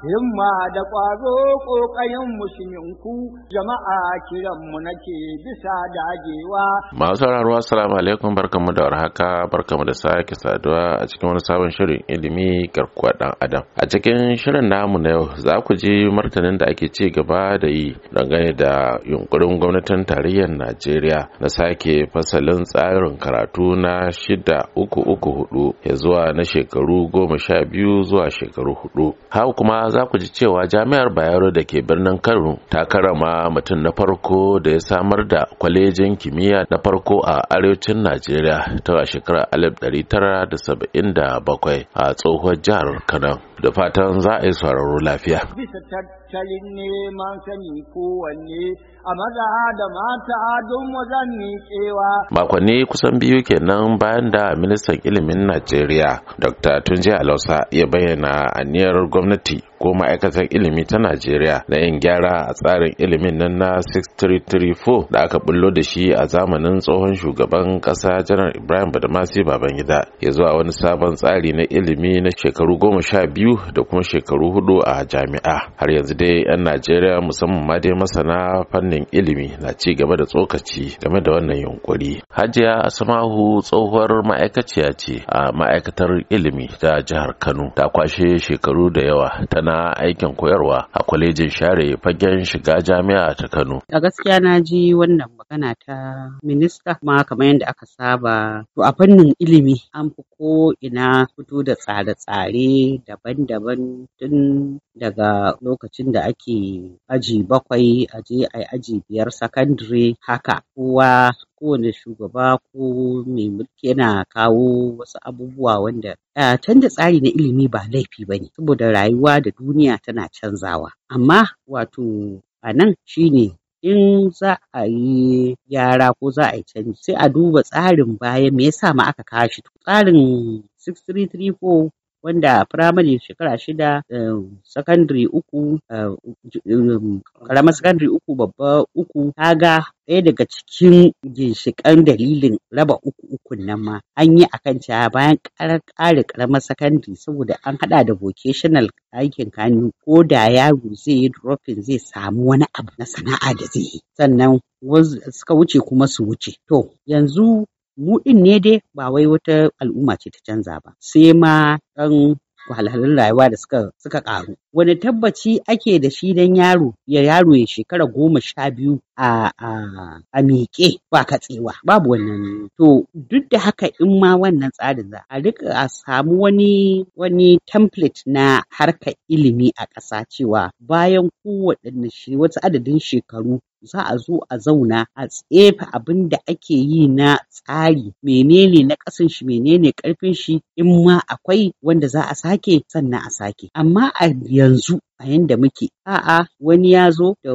himma da ƙwazo ƙayan musulminku jama'a kiranmu nake bisa da ajewa Masu sauraro assalamu alaikum barkamu da warhaka barkamu da sake saduwa a cikin wani sabon shirin ilimi garkuwa ɗan adam. A cikin shirin namu na yau za ku ji martanin da ake ci gaba da yi dangane da yunkurin gwamnatin tarayyar Najeriya na sake fasalin tsarin karatu na shida uku uku hudu ya zuwa na shekaru goma sha biyu zuwa shekaru hudu. Haka kuma za ku ji cewa jami'ar bayero da ke birnin kano ta karama mutum na farko da ya samar da kwalejin kimiyya na farko a arewacin najeriya ta shekarar 1977 a tsohuwar jihar kano da fatan za a yi sauraro lafiya. Bisa tattalin neman sani kowanne a maza da mata don ne miƙewa. Makonni kusan biyu kenan bayan da ministan ilimin Najeriya Dr. Tunji Alausa ya bayyana aniyar gwamnati ko ma'aikatar ilimi ta Najeriya na yin gyara a tsarin ilimin nan na 6334 da aka bullo da shi a zamanin tsohon shugaban ƙasa janar Ibrahim Badamasi Babangida ya zuwa wani sabon tsari na ilimi na shekaru goma sha biyu biyu da kuma shekaru hudu a jami'a har yanzu dai 'yan najeriya musamman ma dai masana fannin ilimi na ci gaba da tsokaci game da wannan yunkuri hajiya asamahu tsohuwar ma'aikaciya ce a ma'aikatar ilimi ta jihar kano ta kwashe shekaru da yawa tana aikin koyarwa a kwalejin share fagen shiga jami'a ta kano a gaskiya na ji wannan magana ta minista ma kamar yadda aka saba to a fannin ilimi an fi ko ina fito da tsare-tsare daban daban-daban tun daga lokacin da ake aji bakwai a je a aji biyar sakandare haka kowa kowane shugaba ko mai mulki yana kawo wasu abubuwa wanda a canza tsari na ilimi ba laifi ba ne saboda rayuwa da duniya tana canzawa amma wato a nan shine in za a yi yara ko za a yi canji sai a duba tsarin baya me yasa ma aka kashi shi tsarin 6334 wanda firamare shekara shida eh, sakandare uku eh, um, karamar sakandare uku babba uku ta ga. ɗaya daga cikin ginshiƙan dalilin raba uku ukun nan ma an yi akan cewa bayan ƙarar ƙare karamar sakandare saboda an haɗa da vocational aikin hannu ko da yaro zai yi dropin zai samu wani abu na sana'a da zai yi sannan suka wuce kuma su wuce to yanzu mu din ne dai ba wai wata al'umma ce ta canza ba sai ma ɗan wahalhalun rayuwa da suka ƙaru Wani tabbaci ake da shi don yaro ya yaro ya shekara goma sha biyu a a miƙe ba katsewa babu wannan to duk da haka in ma wannan tsarin za a rika a samu wani wani template na harkar ilimi a ƙasa cewa bayan kowaɗanne shi wasu adadin shekaru za a zo a zauna a tsefa abin da ake yi na tsari menene na ƙasan shi menene ƙarfin shi in ma akwai wanda za a sake sannan a sake amma a yanzu a yanda muke a'a wani ya zo da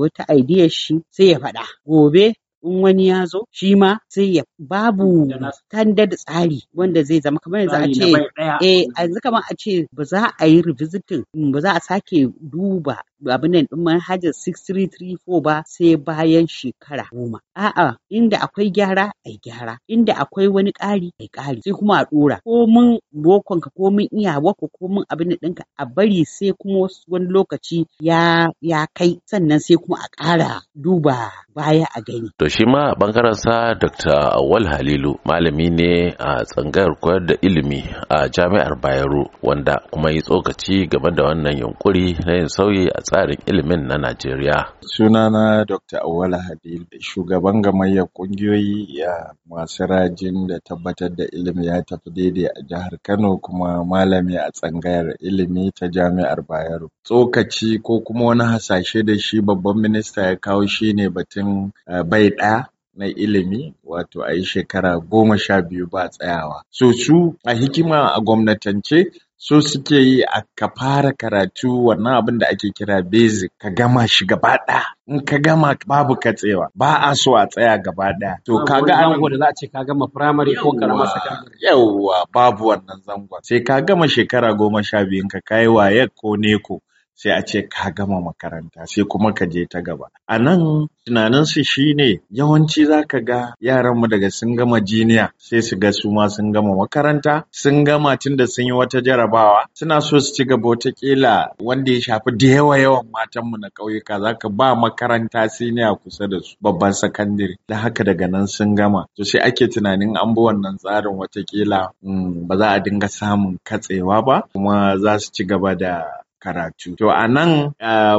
wata idea shi sai ya faɗa gobe in wani ya zo shi ma sai ya babu tanda tsari wanda zai zama kamar yanzu eh, a ce eh yanzu kamar a ce ba za a yi revisiting mm, ba za a sake duba abin nan din manhajar 6334 ba sai bayan shekara goma a'a inda akwai gyara ai gyara inda akwai wani ƙari ai ƙari sai kuma a dora ko mun bokon ka ko mun iyawa ko ko mun abin nan ɗinka a bari sai kuma wani lokaci ya ya kai sannan sai kuma a ƙara duba baya a gani shi ma bangaren sa dr awal halilu malami ne a tsangayar koyar da ilimi a jami'ar bayero wanda kuma yi tsokaci game da wannan yunkuri na yin sauyi a tsarin ilimin na najeriya sunana dr awal halilu shugaban gamayyar kungiyoyi ya masu rajin da tabbatar da ilimi ya tafi daidai a jihar kano kuma malami a tsangayar ilimi ta jami'ar bayero tsokaci ko kuma wani hasashe da shi babban minista ya kawo shine batun eh, bai ɗaya na ilimi wato a yi shekara goma sha biyu ba tsayawa. So su a hikima a gwamnatance so suke yi a ka fara karatu wannan abin da ake kira basic ka gama shi gaba ɗaya in ka gama babu katsewa ba a so a tsaya gaba ɗaya to ka ga an da za a ce ka gama primary ko karama secondary yawwa babu wannan zangon sai ka gama shekara goma sha biyu ka kai waye ko neko sai a ce ka gama makaranta sai kuma ka je ta gaba a nan tunaninsu shine yawanci za ka ga yaranmu daga sun gama jiniya sai su ga su ma sun gama makaranta sun gama tun da sun yi wata jarabawa suna so su ci gaba watakila wanda ya shafi da yawa yawan matanmu na ƙauyuka za ka ba makaranta siniya kusa da su babban sakandare da haka daga nan sun gama to sai ake tunanin an bi wannan tsarin watakila mm, ba za a dinga samun katsewa ba kuma za su ci gaba da karatu. To a nan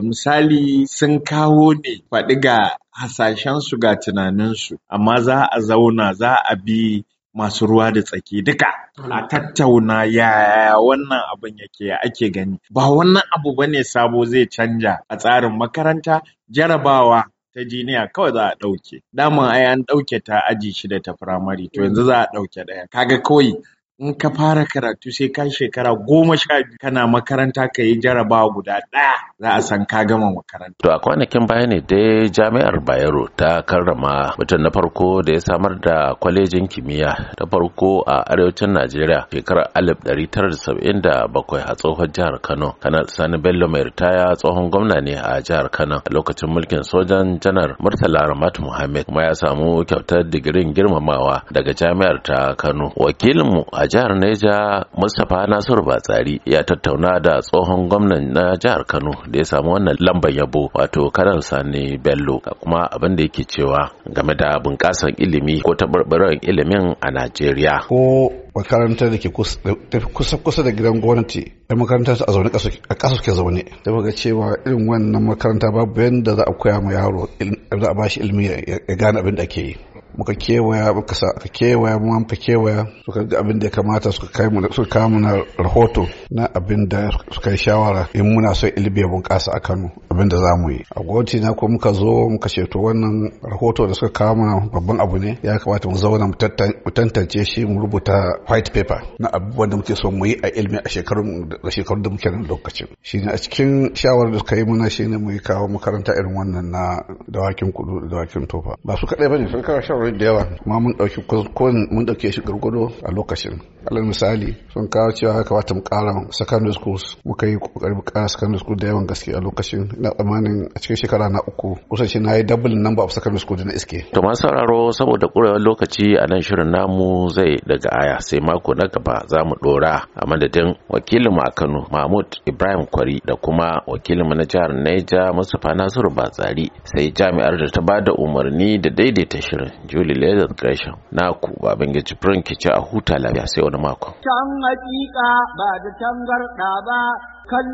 misali sun kawo ne faɗi ga hasashensu ga tunaninsu, amma za a zauna za a bi masu ruwa da tsaki duka a tattauna ya wannan abin yake ake gani ba wannan abu ba ne sabo zai canja a tsarin makaranta jarabawa ta jiniya kawai za a ɗauke daman ai an ɗauke ta aji shida ta firamare to yanzu za a ɗauke ɗaya kaga kawai in ka fara karatu sai ka shekara goma sha biyu kana makaranta ka yi jarabawa guda ɗaya za a san ka gama makaranta. To a kwanakin baya ne dai jami'ar Bayero ta karrama mutum na farko da ya samar da kwalejin kimiyya ta farko a arewacin Najeriya shekarar alif ɗari tara da saba'in da bakwai a tsohon jihar Kano. Kana Sani Bello mai ritaya tsohon gwamna ne a jihar Kano a lokacin mulkin sojan janar Murtala Ramat Muhammad kuma ya samu kyautar digirin girmamawa daga jami'ar ta Kano. Wakilinmu a jihar Neja Mustapha Nasiru Batsari ya tattauna da tsohon gwamnan na jihar Kano da ya samu wannan lambar yabo wato karan Sani Bello kuma abin da yake cewa game da bunƙasar ilimi ko taɓarɓarar ilimin a Najeriya. Ko makarantar da ke kusa kusa da gidan gwamnati da makarantar a zaune a ƙasa suke zaune da ga cewa irin wannan makaranta babu yadda za a koya ma yaro da a bashi ilimi ya gane abin da ke yi muka kewaya muka sa aka kewaya mu ka kewaya suka ga abin da ya kamata suka kai mu suka kawo mu na rahoto na abin da suka yi shawara in muna so ilimi mun bunƙasa a Kano abin da zamu yi a gwamnati na ko muka zo muka ceto wannan rahoto da suka kawo mu babban abu ne ya kamata mu zauna mu tantance shi mu rubuta white paper na abubuwan da muke so mu yi a ilimi a shekarun da shekarun da muke nan lokacin ne a cikin shawara da suka yi muna ne mu yi kawo makaranta irin wannan na dawakin kudu da dawakin tofa ba su kadai bane sun kawo shawarwari da yawa kuma mun ɗauki mun ɗauke shi a lokacin alal misali sun kawo cewa haka wata mukara ƙara secondary schools muka yi kokari mu kara secondary school da yawan gaske a lokacin ina tsammanin a cikin shekara na uku kusan shi na yi double number of secondary school da na iske. to ma sauraro saboda ƙurewar lokaci a nan shirin namu zai daga aya sai mako na gaba za mu ɗora a madadin wakilinmu a kano mahmud ibrahim kwari da kuma wakilinmu na jihar neja mustapha nasiru batsari sai jami'ar da ta ba da umarni da daidaita shirin juli ledan gresham naku babangeji ya ci a huta lafiya sai wani mako can hakika ba da tangarda ba kan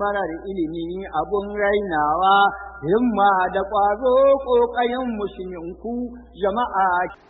marar ilimi abun rainawa himma da ƙwazo ƙoƙayen musulminku jama'a